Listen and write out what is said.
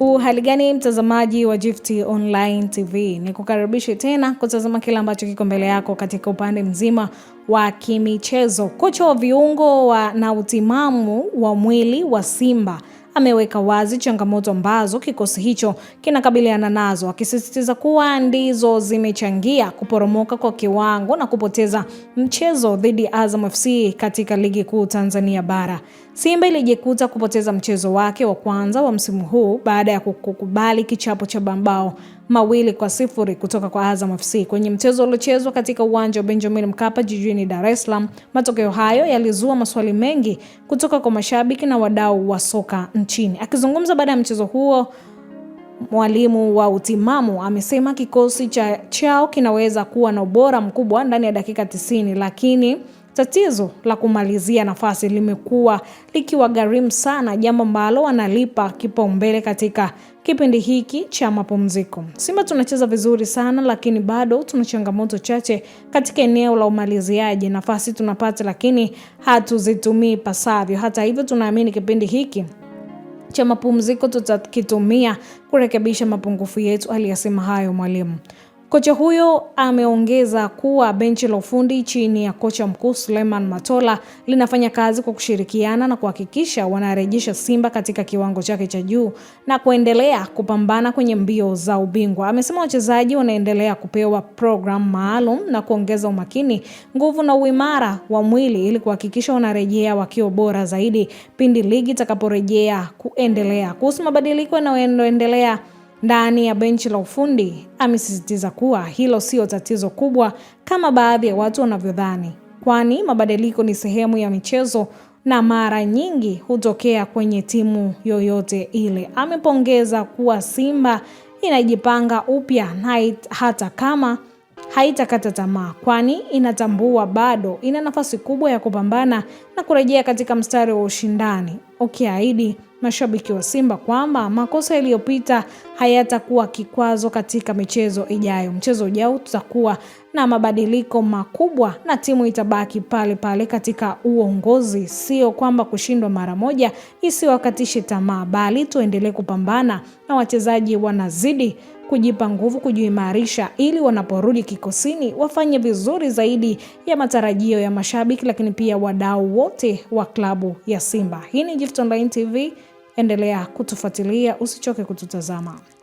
Uhali gani, mtazamaji wa Gift Online TV, ni kukaribishe tena kutazama kile ambacho kiko mbele yako katika upande mzima wa kimichezo. Kocha wa viungo wa na utimamu wa mwili wa Simba ameweka wazi changamoto ambazo kikosi hicho kinakabiliana nazo, akisisitiza kuwa ndizo zimechangia kuporomoka kwa kiwango na kupoteza mchezo dhidi ya Azam FC katika Ligi Kuu Tanzania Bara. Simba ilijikuta kupoteza mchezo wake wa kwanza wa msimu huu baada ya kukubali kichapo cha mabao mawili kwa sifuri kutoka kwa Azam FC kwenye mchezo uliochezwa katika uwanja wa Benjamin Mkapa jijini Dar es Salaam. Matokeo hayo yalizua maswali mengi kutoka kwa mashabiki na wadau wa soka nchini. Akizungumza baada ya mchezo huo, mwalimu wa utimamu amesema kikosi cha chao kinaweza kuwa na ubora mkubwa ndani ya dakika tisini, lakini tatizo la kumalizia nafasi limekuwa likiwagharimu sana, jambo ambalo wanalipa kipaumbele katika kipindi hiki cha mapumziko. Simba tunacheza vizuri sana, lakini bado tuna changamoto chache katika eneo la umaliziaji. Nafasi tunapata, lakini hatuzitumii pasavyo. Hata hivyo, tunaamini kipindi hiki cha mapumziko tutakitumia kurekebisha mapungufu yetu. Aliyasema hayo mwalimu. Kocha huyo ameongeza kuwa benchi la ufundi chini ya kocha mkuu Suleiman Matola linafanya kazi kwa kushirikiana na kuhakikisha wanarejesha Simba katika kiwango chake cha juu na kuendelea kupambana kwenye mbio za ubingwa. Amesema wachezaji wanaendelea kupewa programu maalum na kuongeza umakini, nguvu na uimara wa mwili ili kuhakikisha wanarejea wakiwa bora zaidi pindi ligi itakaporejea kuendelea. Kuhusu mabadiliko yanayoendelea ndani ya benchi la ufundi amesisitiza kuwa hilo sio tatizo kubwa kama baadhi ya watu wanavyodhani, kwani mabadiliko ni sehemu ya michezo na mara nyingi hutokea kwenye timu yoyote ile. Amepongeza kuwa Simba inajipanga upya na hata kama haitakata tamaa, kwani inatambua bado ina nafasi kubwa ya kupambana na kurejea katika mstari wa ushindani, ukiahidi mashabiki wa Simba kwamba makosa yaliyopita hayatakuwa kikwazo katika michezo ijayo. Mchezo ujao tutakuwa na mabadiliko makubwa na timu itabaki pale pale katika uongozi. Sio kwamba kushindwa mara moja isiwakatishe tamaa, bali tuendelee kupambana na wachezaji wanazidi kujipa nguvu, kujiimarisha ili wanaporudi kikosini wafanye vizuri zaidi ya matarajio ya mashabiki, lakini pia wadau wote wa klabu ya Simba. Hii ni Gift Online TV, endelea kutufuatilia, usichoke kututazama.